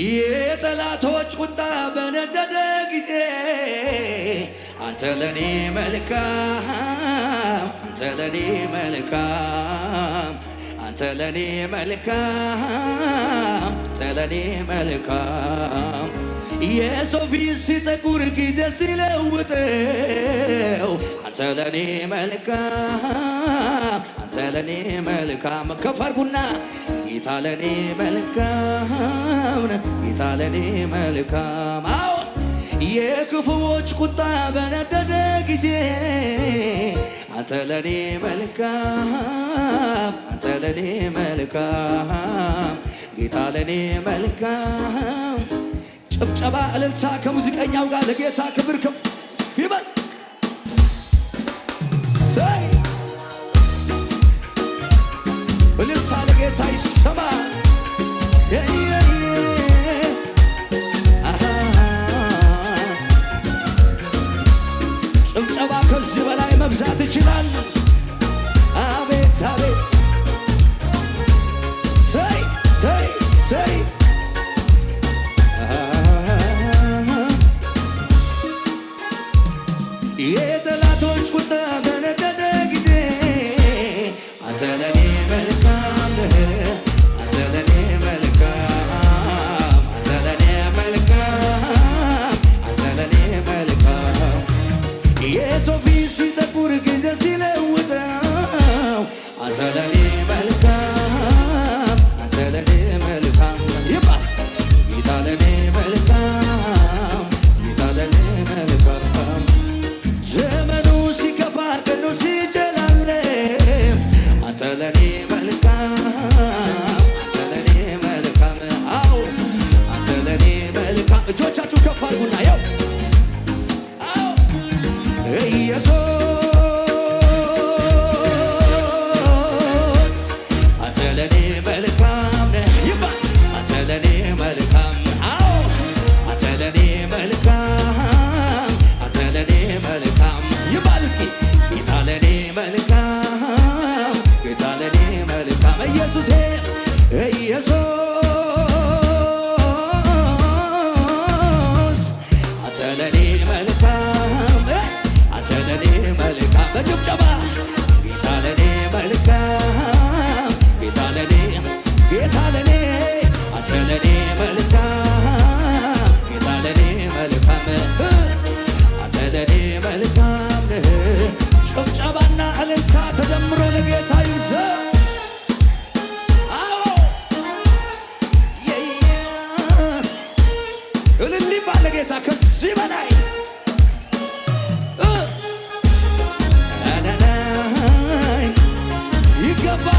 የጠላቶች ቁጣ በነደደ ጊዜ አንተ ለኔ መልካም፣ አንተ ለኔ መልካም፣ አንተ ለኔ መልካም፣ አንተ ለኔ መልካም የሰው ፊት ሲጠቁር ጊዜ ሲለውጠው አንተ ለኔ መልካም፣ አንተ ለኔ መልካም ከፈርጉና ጌታ ለኔ መልካም ጌታ ለኔ መልካም አዎ የክፉዎች ቁጣ በነደደ ጊዜ አንተ ለኔ መልካም አንተ ለኔ መልካም ጌታ ለኔ መልካም ጭብጨባ እልልታ ከሙዚቀኛው ጋር ለጌታ ክብር ከፍ ይበል ጩኸት አይሰማ ጭብጨባ ከዚህ በላይ መብዛት ይችላል። አቤት አቤት ሰይ ሰይ ሰይ የሰው ፊት ሲጠቁር ጊዜ ሲለውጠው አታላሚ ኢየሱሴ ኢየሱስ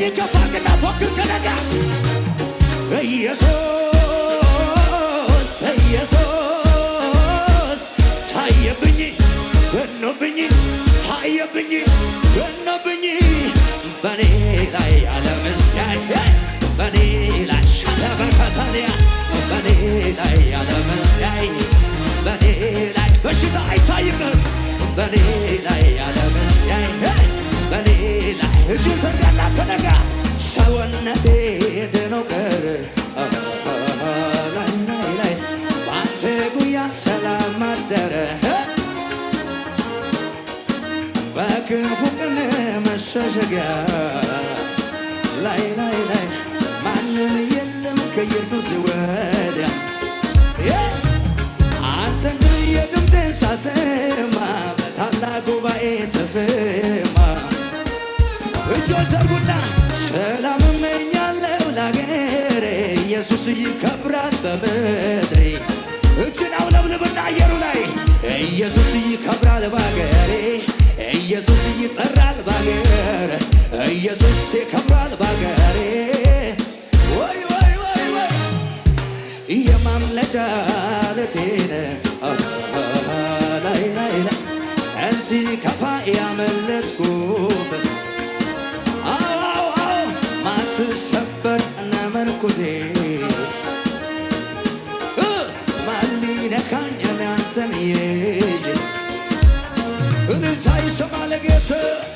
ቀኝ ከፋቅና ፎክር ከነጋ ኢየሱስ ኢየሱስ ታየብኝ በኖብኝ ታየብኝ በኖብኝ በኔ ላይ አለመስጋኝ በኔ ላይ ሻለበከታንያ በኔ ላይ አለመስጋኝ በኔ ላይ በሽታ አይታይም በኔ መሸሸጊያ ላይ ላይ ላይ ማንም የለም ከኢየሱስ ወዲያ አንተን ብዬ ድምፄን ሳሰማ በታላቅ ጉባኤ ተሰማ እጆች ዘርጉና ሰላም እመኛለሁ ለአገሬ ኢየሱስ ይከብራል በምድሬ እችን አውለብልብና አየሩ ላይ ኢየሱስ ይከብራል ባገ ኢየሱስ ይጠራል ባገር ኢየሱስ ይከብራል ባገሬ ወይ ወይ ወይ ወይ የማምለጫ ላይ ላይ ላይ እንሲ ከፋ ያመለጥኩም ማትሰበር ነመርኩዜ ማሊነካኝ እልልታ ይሰማል ጌታ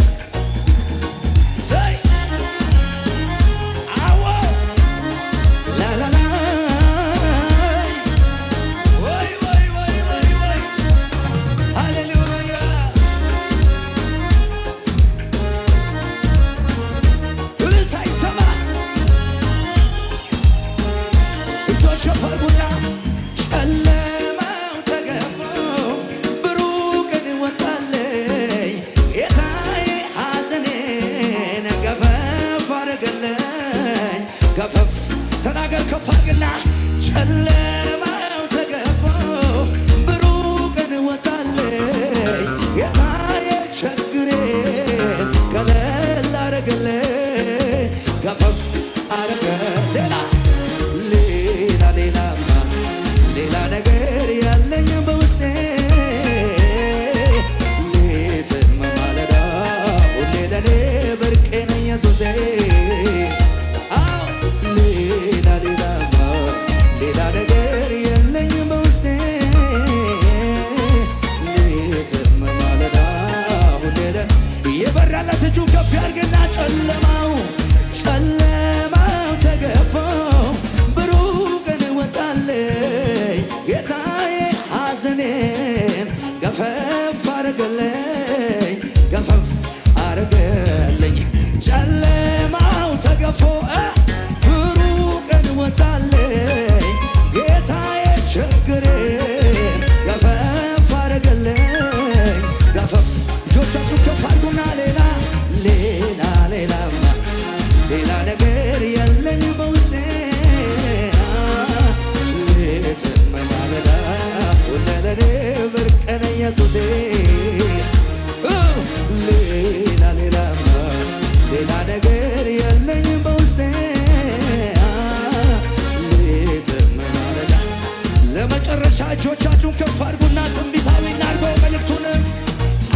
እጆቻችሁን ከፍ አድርጉና ትንቢታዊ እናድርገው መልእክቱን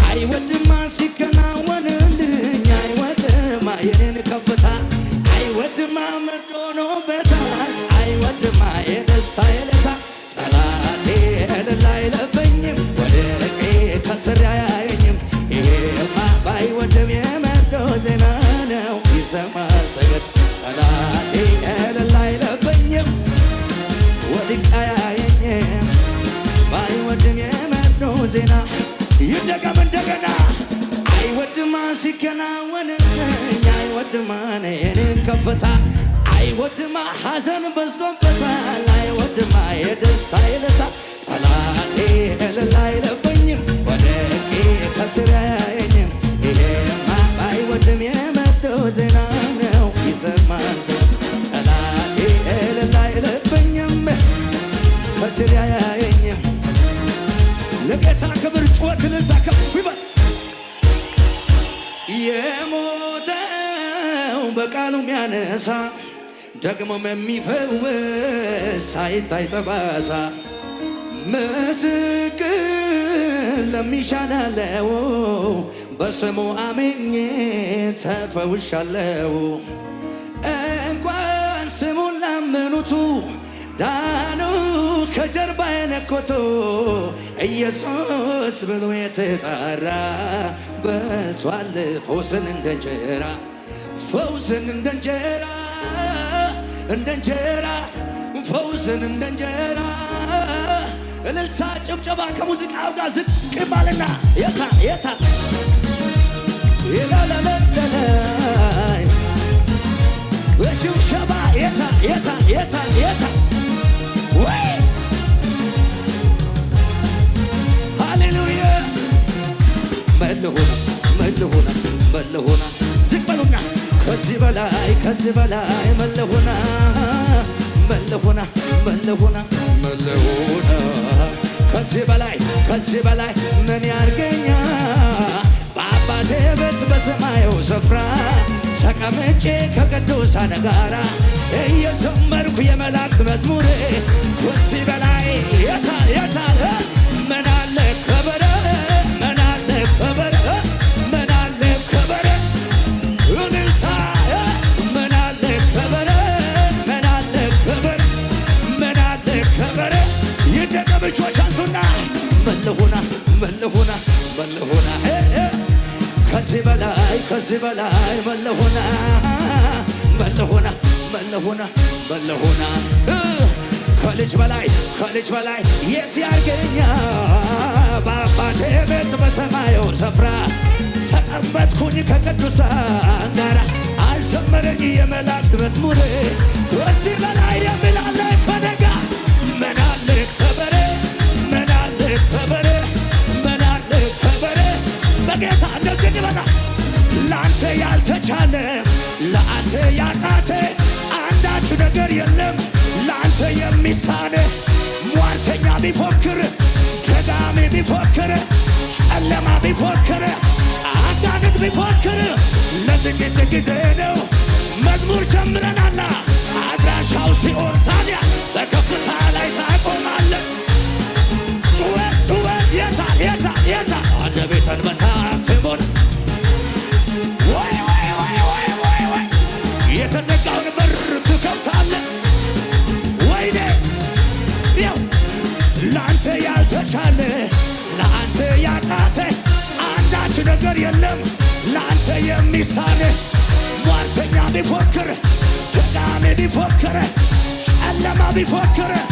አይወድማ ሲከናወንልኝ አይወድማ የኔን ከፍታ አይወድማ መርዶ ዜና ይደገም እንደገና አይወድማ ሲከናወን አይወድማን የኔን ከፍታ አይወድማ ሐዘን በዝቶበታል አይወድማ የደስታ ይለታ ጠላቴ እልል አይለበኝም ወደቄ ከስር አያየኝም ይሄማ አይወድም የመጣው ዜና ነው ይሰማት ጠላቴ እልል አይለበኝም ከስር አያየኝም በቃሉ የሚያነሳ ደግሞም የሚፈውስ ሳይታይ ጠባሳ ምስክር ለሚሻናለው በስሙ አምኜ ተፈውሻለው። እንኳን ስሙን ላመኑቱ ዳኑ ከጀርባ የነኮቶ ኢየሱስ ብሎ የተጣራ በቷል ስን እንደ እንጀራ ፈውስን እንደ እንጀራ እንደ እንጀራ ፈውስን እንደ እንጀራ እልልታ ጭብጨባ ከሙዚቃው ጋር ዝቅ ባልና የታ የታ ይላለለለላይ በሽብሸባ የታ የታ የታ የታ ወይ ሃሌሉያ መለሆና መለሆና መለሆና ከዚህ በላይ ከዚህ በላይ መለሆና መለሆና መለሆና መለሆና ከዚህ በላይ ከዚህ በላይ ምን ያርገኛ በአባቴ ቤት በሰማየው ስፍራ ተቀምጬ ከቅዱሳን ጋራ እየዘመርኩ ከዚህ በላይ በለሆና በለሆና ከልጅ በላይ ከልጅ በላይ የት ያገኛ በአባቴ ቤት በሰማዩ ስፍራ ተቀመጥኩኝ ከቅዱሳን ጋር አልዘመረኝ የመላእክት መዝሙር ከዚህ በላይ የሚላለ በነጋ ምናለ ከበሬ ምናለ ከበሬ ምናለ ከበሬ በጌታ እንደዚህ ይበላ ለአንተ ያልተቻለ ለአንተ ያቃተ ነገር የለም ለአንተ የሚሳነ ሟርተኛ ቢፎክር፣ ደጋሚ ቢፎክር፣ ጨለማ ቢፎክር፣ አጋንንት ቢፎክር ለጥቂት ጊዜ ነው። መዝሙር ጀምረናላ አድራሻው ሲኦል ታዲያ ነገር የለም ለአንተ የሚሳን ሟርተኛ ቢፎክር ትዳሜ ቢፎክር ጨለማ ቢፎክር